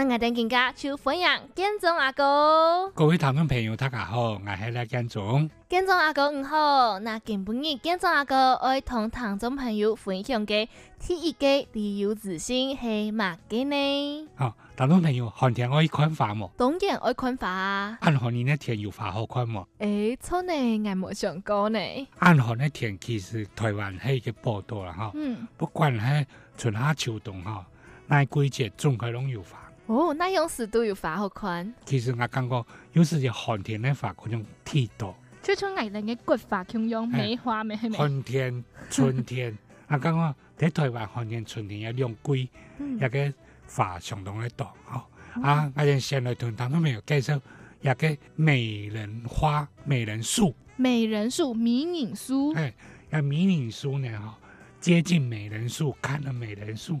那我等更加求分享，建中阿哥。各位聽眾朋友，大家好，我係咧建中。建中阿哥你好，今晡日建中阿哥愛同聽眾朋友分享嘅第一節旅遊新知係乜嘢呢？好，聽眾、哦、朋友，寒天愛看花冇？當然愛看花，啊。暗寒你那天有花好看冇？誒、欸，錯呢，我冇想過呢。暗寒那天其實台灣係一個寶島啦，哈。嗯。不管係春夏秋冬，哈，那季節總該攏有花。哦，那用時有時都有發好看。其實我感覺有時就寒天的發嗰種剃刀，就像外人的骨發咁樣梅花咩？春天， 寒天春天，我感覺喺台灣寒天春天又兩季，一個發相當嘅多。洞的洞嗯、啊，我哋仙人掌都未有介紹，一個美人花、美人樹、美人樹、迷你樹。誒、欸，個迷你樹呢？嗬，接近美人樹，看着美人樹。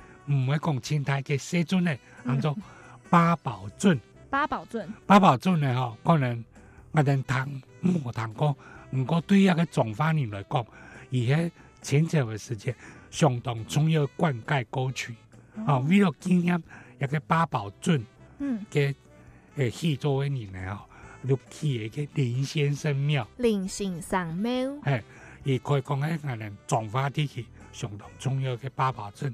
唔會講清代嘅西尊誒，叫做八寶尊、嗯。八寶尊。八寶尊誒，吼，可能我咱唐莫唐國，唔過對一個壯發人來講，伊喺清朝嘅時間相當重要，灌溉歌曲啊，為了紀念一個八寶尊，嗯，嘅誒，去做為人啊，就去一個林先生廟。林先生廟。嘿，也可以講喺阿咱壯發地區相當重要嘅八寶尊。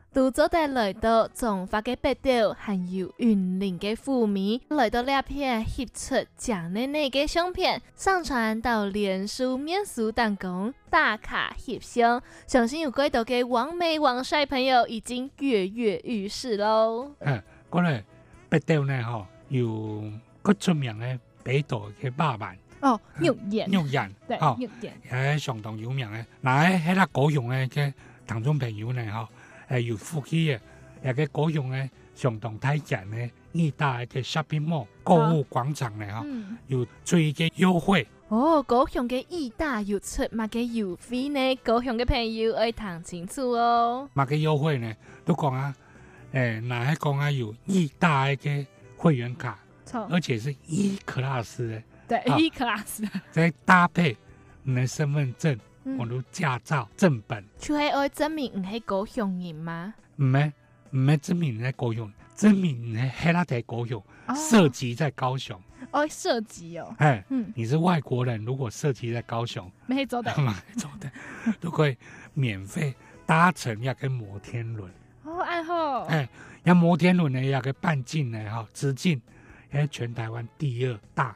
杜總，帶來到從發嘅北斗，還有雲林嘅湖面，來到兩片攝出蔣奶奶嘅相片，上傳到臉書面書上講打卡翕相，相信有鬼多嘅網美網帥朋友已經躍躍欲試咯。嗯，嗰個北斗呢？吼，有個出名嘅北斗嘅八萬哦，肉眼肉、嗯、眼對哦，肉眼誒，相當、哦那個、有名嘅，嗱喺啦高雄嘅同中朋友呢？吼。誒、哎，有附記也給嘅高雄咧，上當睇人義大嘅 shopping mall 購物廣場咧嚇，有最嘅優惠。哦，高雄嘅義大有出賣給有飛呢？高雄嘅朋友要談清楚哦。乜嘅優惠呢？都講啊，誒、欸，嗱，講啊，有義大嘅會員卡，嗯、而且是一、e、class 嘅，嗯、對，一、哦 e、class，再搭配你的身份證。我錄駕照正本，就係愛證明唔係高雄人嗎？唔係，唔係證明咧高雄，證明咧喺哪地高雄，哦、涉及在高雄哦，涉及哦，哎嘿，嗯，你是外國人，如果涉及在高雄，可以走的，走的，都可以 免費搭乘一個摩天輪哦，哎吼，哎，個摩天輪咧，一個半徑咧，哈，直徑係全台灣第二大。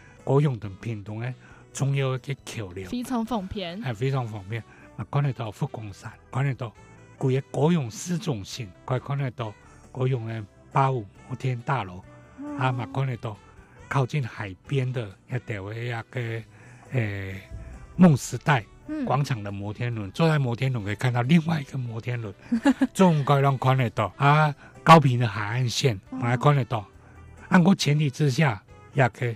果用品平東重要的一個橋梁，非常，非常方便，係非常方便。我睇到佛光山，睇到古嘅高雄市中心，佢睇到高雄的八五摩天大樓，嗯、啊，咪睇到靠近海邊的一條一個誒夢、那個那個欸、時代廣場的摩天輪。嗯、坐在摩天輪可以看到另外一個摩天輪， 仲可以讓睇到啊，高屏的海岸線，咪睇、嗯、到。按個前提之下，也可以。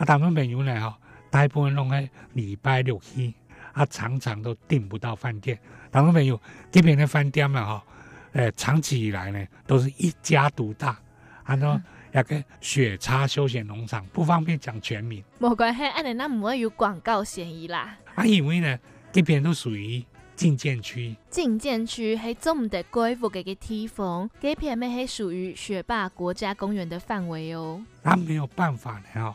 啊，台灣朋友呢？哈、哦，大部分弄喺禮拜六去，啊，常常都訂不到飯店。台灣朋友這邊的飯店嘛，哈、哦，呃，長期以來呢，都是一家獨大。按照一個雪查休閒農場，不方便講全名。冇關係，哎，那唔會有廣告嫌疑啦。啊，因為呢，這邊都屬於禁建區。禁建區係總得規劃嘅地方，這邊誒係屬於雪霸國家公園的範圍哦。啊，沒有辦法呢？哦。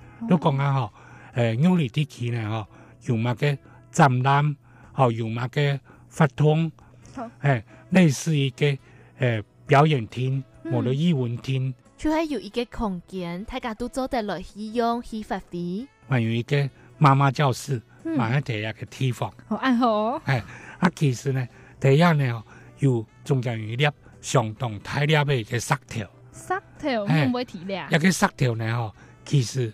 都講啊！嗬，誒，奧利體器咧，嗬，有埋嘅展覽，嗬，有埋嘅發筒，誒，類似一個誒表演廳，冇得藝文廳。仲係有一個空間，大家都做得落去用去發揮。仲有一個媽媽教室，咪喺地下嘅地方。好暗喎！誒，啊其實咧，地下咧，嗬，有中間有一粒相當大粒嘅石條。石條，我唔會睇咧。一個石條咧，嗬，其實。